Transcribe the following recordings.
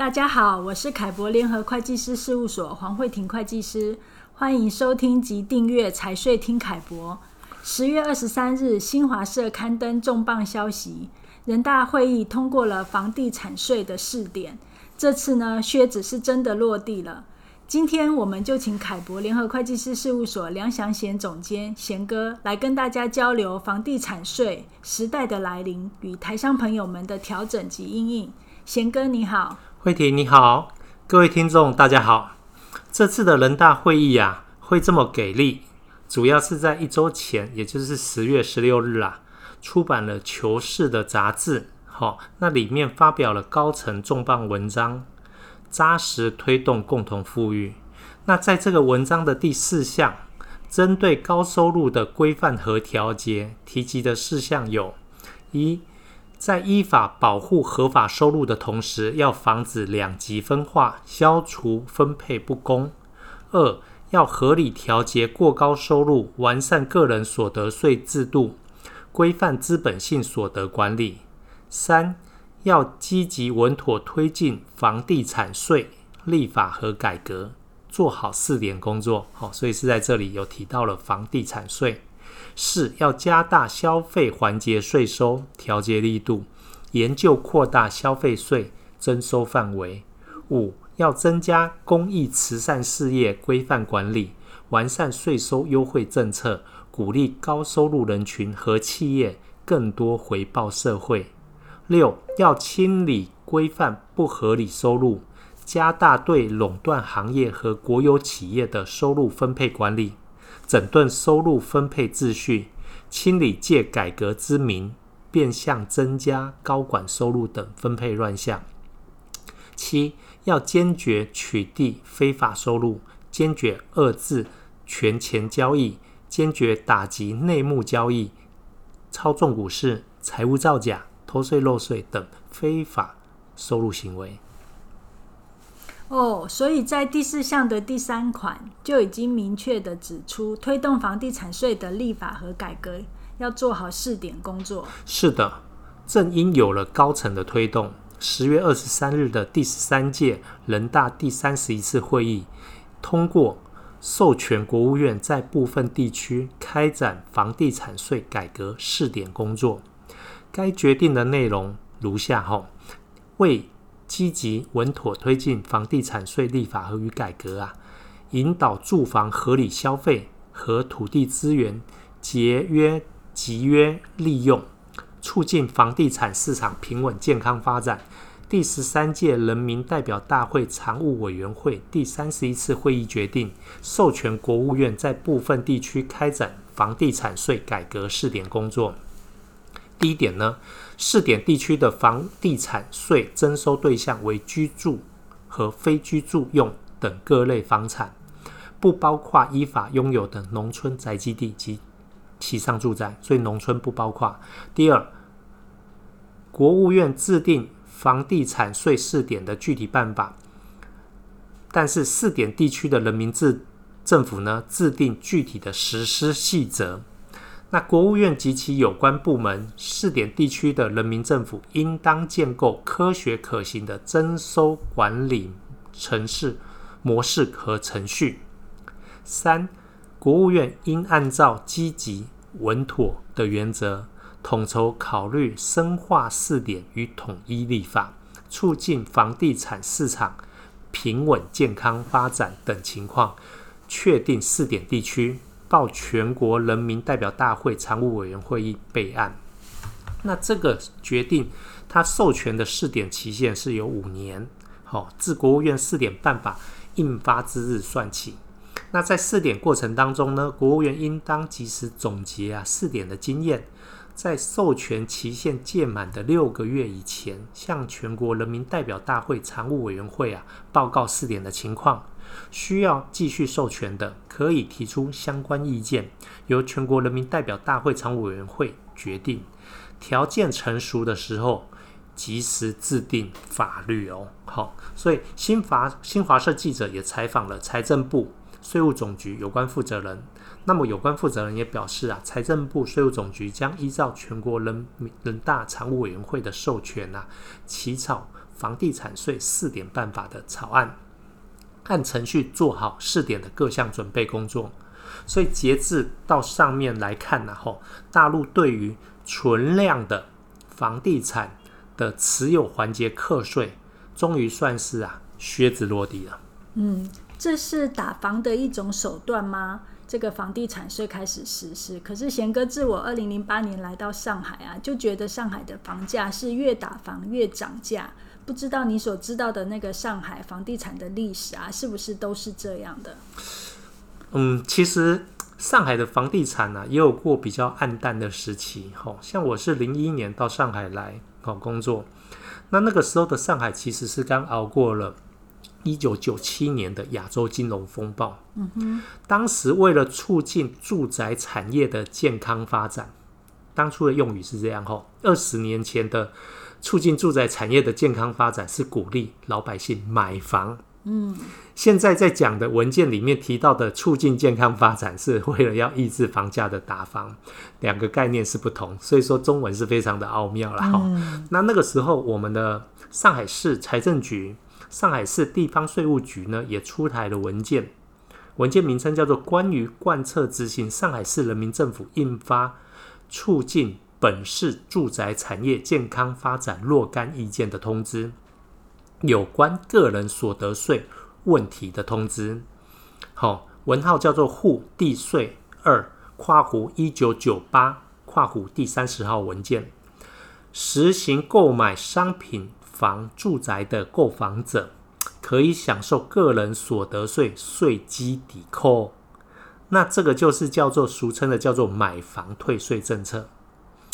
大家好，我是凱博聯合會計師事務所黃慧婷會計師，歡迎收聽及訂閱財稅聽凱博。十月二十三日，新華社刊登重磅消息，人大會議通過了房地產稅的試點，這次呢，靴子是真的落地了。今天我們就請凱博聯合會計師事務所梁祥賢總監賢哥來跟大家交流房地產稅時代的來臨與台商朋友們的調整及因應。賢哥你好。惠婷你好，各位聽眾大家好。這次的人大會議啊，會這麼給力，主要是在一周前，也就是十月十六日啦、啊，出版了《求是》的雜誌。好、哦，那裡面發表了高層重磅文章，《紮實推動共同富裕》。那在這個文章的第四項，針對高收入的規範和調節，提及的事項有：一。在依法保護合法收入的同時，要防止兩極分化，消除分配不公。二，要合理調節過高收入，完善個人所得稅制度，規範資本性所得管理。三，要積極穩妥推進房地產稅立法和改革，做好試點工作。好、哦，所以是在這裡有提到了房地產稅。四，要加大消費環節稅收調節力度，研究擴大消費稅徵收範圍。五，要增加公益慈善事業規範管理，完善稅收優惠政策，鼓勵高收入人群和企業更多回報社會。六，要清理規範不合理收入，加大對壟斷行業和國有企業的收入分配管理。整頓收入分配秩序，清理借改革之名變相增加高管收入等分配亂象。七，要堅決取締非法收入，堅決遏制權錢交易，堅決打擊內幕交易、操縱股市、財務造假、偷稅漏稅等非法收入行為。哦，所以在第四項的第三款就已經明確地指出，推動房地產稅的立法和改革要做好試點工作。是的，正因有了高層的推動，十月二十三日的第十三屆人大第三十一次會議通過授權國務院在部分地區開展房地產稅改革試點工作。該決定的內容如下哈，為。積極穩妥推進房地產稅立法和與改革啊，引導住房合理消費和土地資源節約集約利用，促進房地產市場平穩健康發展。第十三屆人民代表大會常務委員會第三十一次會議決定，授權國務院在部分地區開展房地產稅改革試點工作。第一點呢，試點地區的房地產稅徵收對象為居住和非居住用等各類房產，不包括依法擁有的農村宅基地及其上住宅，所以農村不包括。第二，國務院制定房地產稅試點的具體辦法，但是試點地區的人民政政府呢，制定具體的實施細則。那國務院及其有關部門、試點地區的人民政府應當建構科學可行的徵收管理程式模式和程序。三，國務院應按照積極穩妥的原則，統籌考慮深化試點與統一立法，促進房地產市場平穩健康發展等情況，確定試點地區。報全國人民代表大會常務委員會備案。那這個決定，它授權的試點期限是有五年，好、哦，自國務院試點辦法印發之日算起。那在試點過程當中呢，國務院應當及時總結啊試點的經驗，在授權期限屆滿的六個月以前，向全國人民代表大會常務委員會啊報告試點的情況。需要繼續授權的，可以提出相關意見，由全國人民代表大會常務委員會決定。條件成熟的時候，及時制定法律哦。好，所以新華新華社記者也採訪了財政部、稅務總局有關負責人。那麼，有關負責人也表示啊，財政部稅務總局將依照全國人民人大常務委員會的授權吶、啊，起草房地產稅試點辦法的草案。按程序做好試點的各項準備工作，所以截至到上面來看呢，吼，大陸對於存量的房地產的持有環節課稅，終於算是啊靴子落地了。嗯，這是打房的一種手段嗎？這個房地產稅開始實施。可是賢哥自我二零零八年來到上海啊，就覺得上海的房價是越打房越漲價。不知道你所知道的那個上海房地產的歷史啊，是不是都是這樣的？嗯，其實上海的房地產呢、啊，也有過比較暗淡的時期。吼、哦，像我是零一年到上海來搞、哦、工作，那那個時候的上海其實是剛熬過了一九九七年的亞洲金融風暴。嗯哼，當時為了促進住宅產業的健康發展，當初的用語是這樣：吼、哦，二十年前的。促進住宅產業的健康發展是鼓勵老百姓買房。嗯，現在在講的文件裡面提到的促進健康發展是為了要抑制房價的打房，兩個概念是不同。所以說中文是非常的奧妙了哈。那那個時候，我們的上海市財政局、上海市地方稅務局呢也出台了文件，文件名稱叫做《關於貫徹執行上海市人民政府印發促進》。本市住宅產業健康發展若干意見的通知，有關個人所得稅問題的通知，好、哦，文號叫做滬地稅二括弧一九九八括弧第三十號文件，實行購買商品房住宅的購房者可以享受個人所得稅稅基抵扣，那這個就是叫做俗稱的叫做買房退稅政策。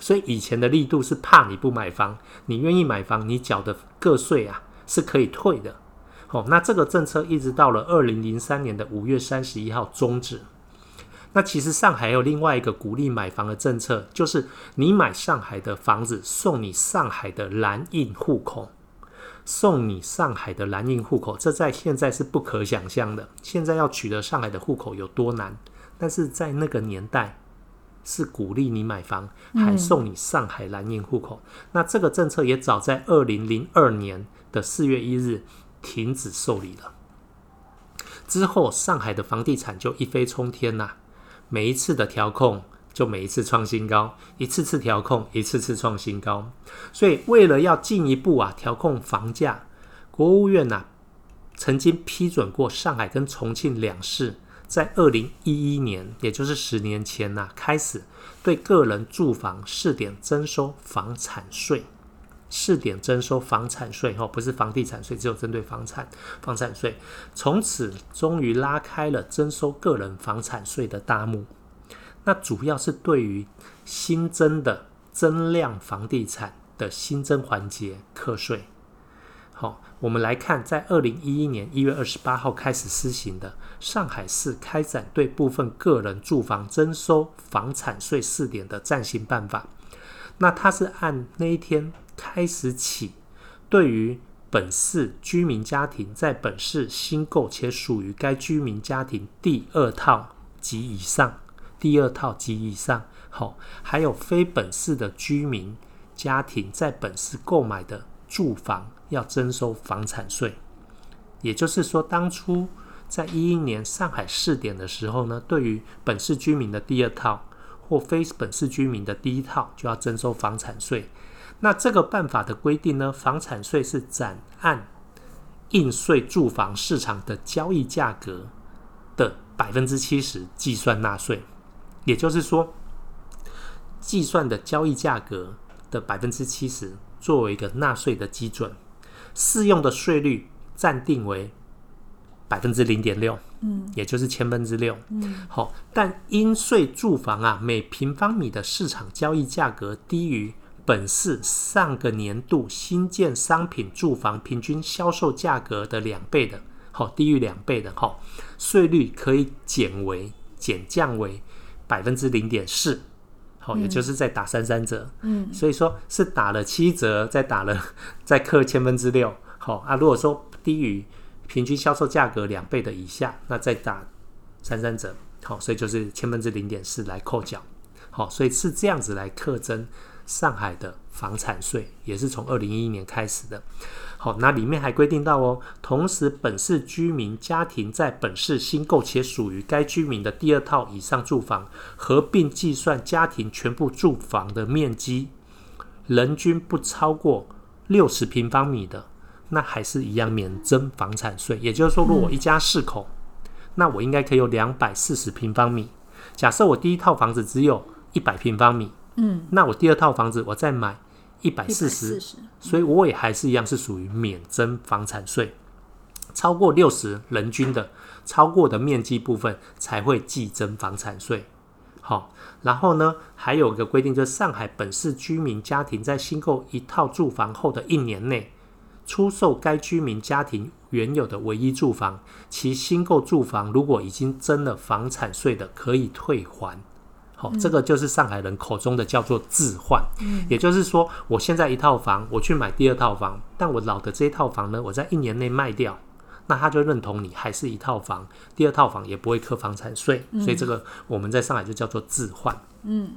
所以以前的力度是怕你不買房，你願意買房，你繳的個稅啊是可以退的。好，哦，那這個政策一直到了二零零三年的五月三十一號終止。那其實上海還有另外一個鼓勵買房的政策，就是你買上海的房子送你上海的藍印戶口，送你上海的藍印戶口，這在現在是不可想象的。現在要取得上海的戶口有多難？但是在那個年代。是鼓勵你買房，還送你上海藍印戶口。嗯。那這個政策也早在二零零二年的四月一日停止受理了。之後，上海的房地產就一飛衝天吶、啊！每一次的調控，就每一次創新高；一次次調控，一次次創新高。所以，為了要進一步啊調控房價，國務院吶、啊、曾經批准過上海跟重慶兩市。在二零一一年，也就是十年前呐，啊，開始對個人住房試點徵收房產稅，試點徵收房產稅吼，不是房地產稅，只有針對房產，房產稅。從此，終於拉開了徵收個人房產稅的大幕。那主要是對於新增的增量房地產的新增環節課稅。好，我們來看，在二零一一年一月二十八號開始施行的《上海市開展對部分個人住房徵收房產稅試點的暫行辦法》，那它是按那一天開始起，對於本市居民家庭在本市新購且屬於該居民家庭第二套及以上，第二套及以上，好，還有非本市的居民家庭在本市購買的。住房要徵收房產稅，也就是說，當初在一一年上海試點的時候呢，對於本市居民的第二套或非本市居民的第一套就要徵收房產稅。那這個辦法的規定呢，房產稅是暫按應稅住房市場的交易價格的百分之七十計算納稅，也就是說，計算的交易價格的百分之七十。作為一個納稅的基準，適用的稅率暫定為百分之零點六，嗯，也就是千分之六，好、嗯哦。但應稅住房啊，每平方米的市場交易價格低於本市上個年度新建商品住房平均銷售價格的兩倍的，好、哦，低於兩倍的好、哦，稅率可以減為減降為百分之零點四。哦，也就是在打三三折，嗯，所以說是打了七折，再打了再課千分之六，好、哦、啊。如果說低於平均銷售價格兩倍的以下，那再打三三折，好、哦，所以就是千分之零點四來扣繳，好、哦，所以是這樣子來課徵。上海的房產稅也是從二零一一年開始的。好，哦，那裡面還規定到哦，同時本市居民家庭在本市新購且屬於該居民的第二套以上住房，合併計算家庭全部住房的面積，人均不超過六十平方米的，那還是一樣免徵房產稅。也就是說，如果我一家四口，那我應該可以有兩百四十平方米。假設我第一套房子只有一百平方米。嗯，那我第二套房子我再買一百四十，所以我也還是一樣是屬於免徵房產稅，超過六十人均的。嗯，超過的面積部分才會計徵房產稅。好、哦，然後呢，還有一個規定就是上海本市居民家庭在新購一套住房後的一年內，出售該居民家庭原有的唯一住房，其新購住房如果已經徵了房產稅的，可以退還。好、哦，這個就是上海人口中的叫做置換、嗯，也就是說，我現在一套房，我去買第二套房，但我老的這一套房呢，我在一年內賣掉，那他就認同你還是一套房，第二套房也不會扣房產稅，所以這個我們在上海就叫做置換，嗯，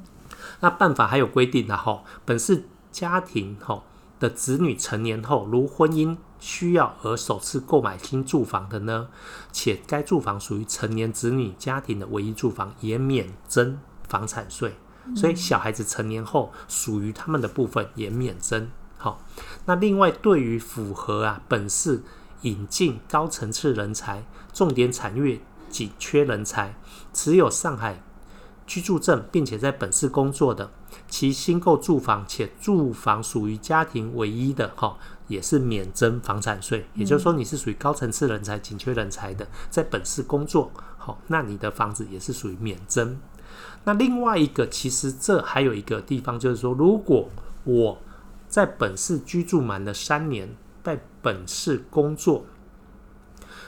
那辦法還有規定的、啊、哈、哦，本市家庭哈、哦、的子女成年後，如婚姻需要而首次購買新住房的呢，且該住房屬於成年子女家庭的唯一住房，也免徵。房產稅，所以小孩子成年後屬於他們的部分也免徵。好、哦，那另外對於符合啊本市引進高層次人才、重點產業緊缺人才、持有上海居住證並且在本市工作的，其新購住房且住房屬於家庭唯一的哈、哦，也是免徵房產稅。嗯、也就是說，你是屬於高層次人才、緊缺人才的，在本市工作，好、哦，那你的房子也是屬於免徵。那另外一個，其實這還有一個地方，就是說，如果我在本市居住滿了三年，在本市工作，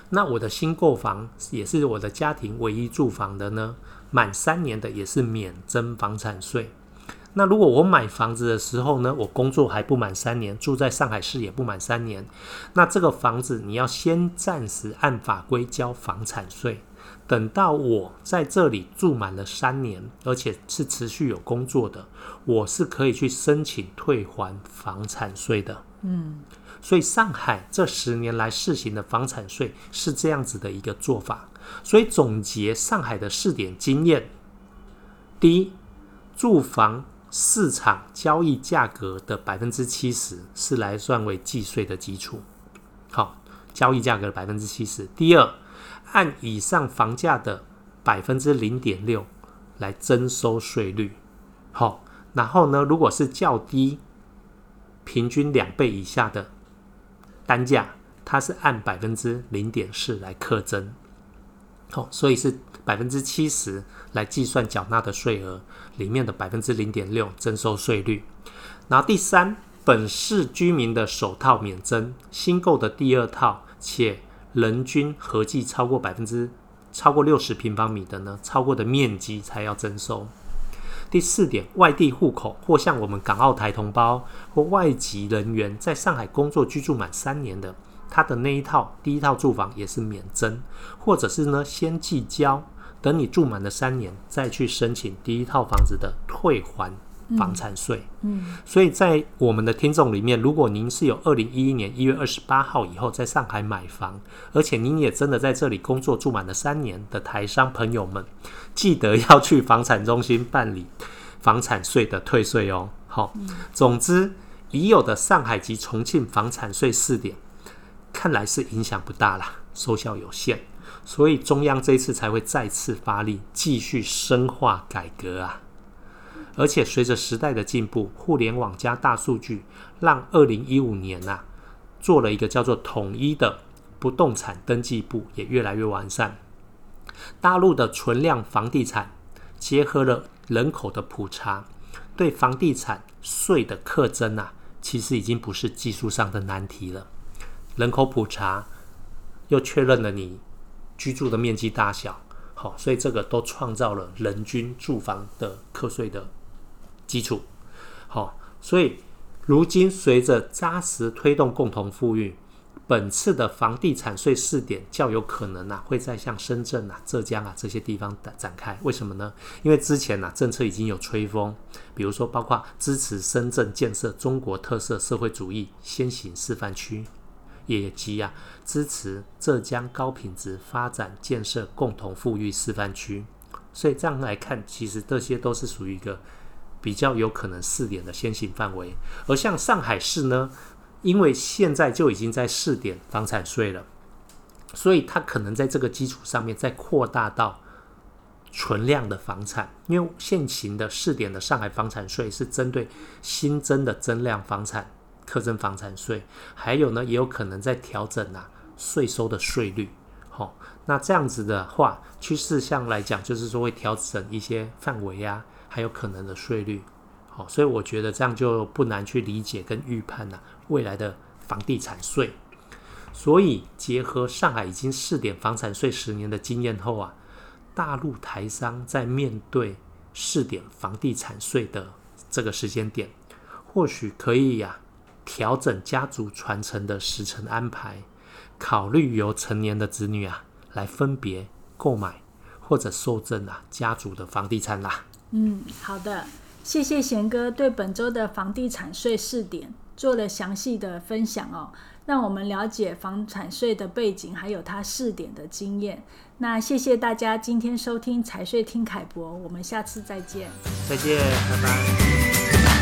那我的新購房也是我的家庭唯一住房的呢，滿三年的也是免徵房產稅。那如果我買房子的時候呢，我工作還不滿三年，住在上海市也不滿三年，那這個房子你要先暫時按法規交房產稅。等到我在這裡住滿了三年，而且是持續有工作的，我是可以去申請退還房產稅的。嗯，所以上海這十年來試行的房產稅是這樣子的一個做法。所以總結上海的試點經驗：第一，住房市場交易價格的百分之七十是來算為計稅的基礎；好，交易價格的百分之七十。第二。按以上房價的百分之零點六來徵收稅率，好、哦，然後呢，如果是較低，平均兩倍以下的單價，它是按百分之零點四來課徵，好、哦，所以是百分之七十來計算繳納的稅額裡面的百分之零點六徵收稅率，然後第三，本市居民的首套免徵，新購的第二套且。人均合計超過百分之超過六十平方米的呢，超過的面積才要徵收。第四點，外地戶口或像我們港澳台同胞或外籍人員在上海工作居住滿三年的，他的那一套第一套住房也是免徵，或者是呢先計交，等你住滿了三年再去申請第一套房子的退還。房產稅。嗯，嗯，所以在我們的聽眾裡面，如果您是有二零一一年一月二十八號以後在上海買房，而且您也真的在這裡工作住滿了三年的台商朋友們，記得要去房產中心辦理房產稅的退稅喔。哦。好，總之已有的上海及重慶房產稅試點，看來是影響不大啦，收效有限，所以中央這一次才會再次發力，繼續深化改革啊。而且隨着時代的進步，互聯網加大數據，讓二零一五年吶、啊，做了一個叫做統一的不動產登記簿也越來越完善。大陸的存量房地產結合了人口的普查，對房地產稅的課徵吶，其實已經不是技術上的難題了。人口普查又確認了你居住的面積大小，好、哦，所以這個都創造了人均住房的課稅的基礎好、哦，所以如今隨着扎實推動，共同富裕，本次的房地產稅試點較有可能啊，會在像深圳、啊、浙江啊這些地方展展開。為什麼呢？因為之前呢、啊、政策已經有吹風，比如說包括支持深圳建設中國特色社會主義先行示範區，也及啊支持浙江高品質發展建設共同富裕示範區。所以這樣來看，其實這些都是屬於一個。比較有可能試點的先行範圍，而像上海市呢，因為現在就已經在試點房產稅了，所以它可能在這個基礎上面再擴大到存量的房產。因為現行的試點的上海房產稅是針對新增的增量房產，課徵房產稅，還有呢也有可能在調整吶、啊、稅收的稅率。好、哦，那這樣子的話，趨勢上來講就是說會調整一些範圍啊。還有可能的稅率，好、哦，所以我覺得這樣就不難去理解跟預判了、啊、未來的房地產稅。所以結合上海已經試點房產稅十年的經驗後啊，大陸台商在面對試點房地產稅的這個時間點，或許可以呀、啊、調整家族傳承的時程安排，考慮由成年的子女啊來分別購買或者受贈啊家族的房地產啦。嗯，好的，謝謝賢哥對本周的房地產稅試點做了詳細的分享哦，讓我們了解房產稅的背景，還有它試點的經驗。那謝謝大家今天收聽財稅聽凱博，我們下次再見，再見，拜拜。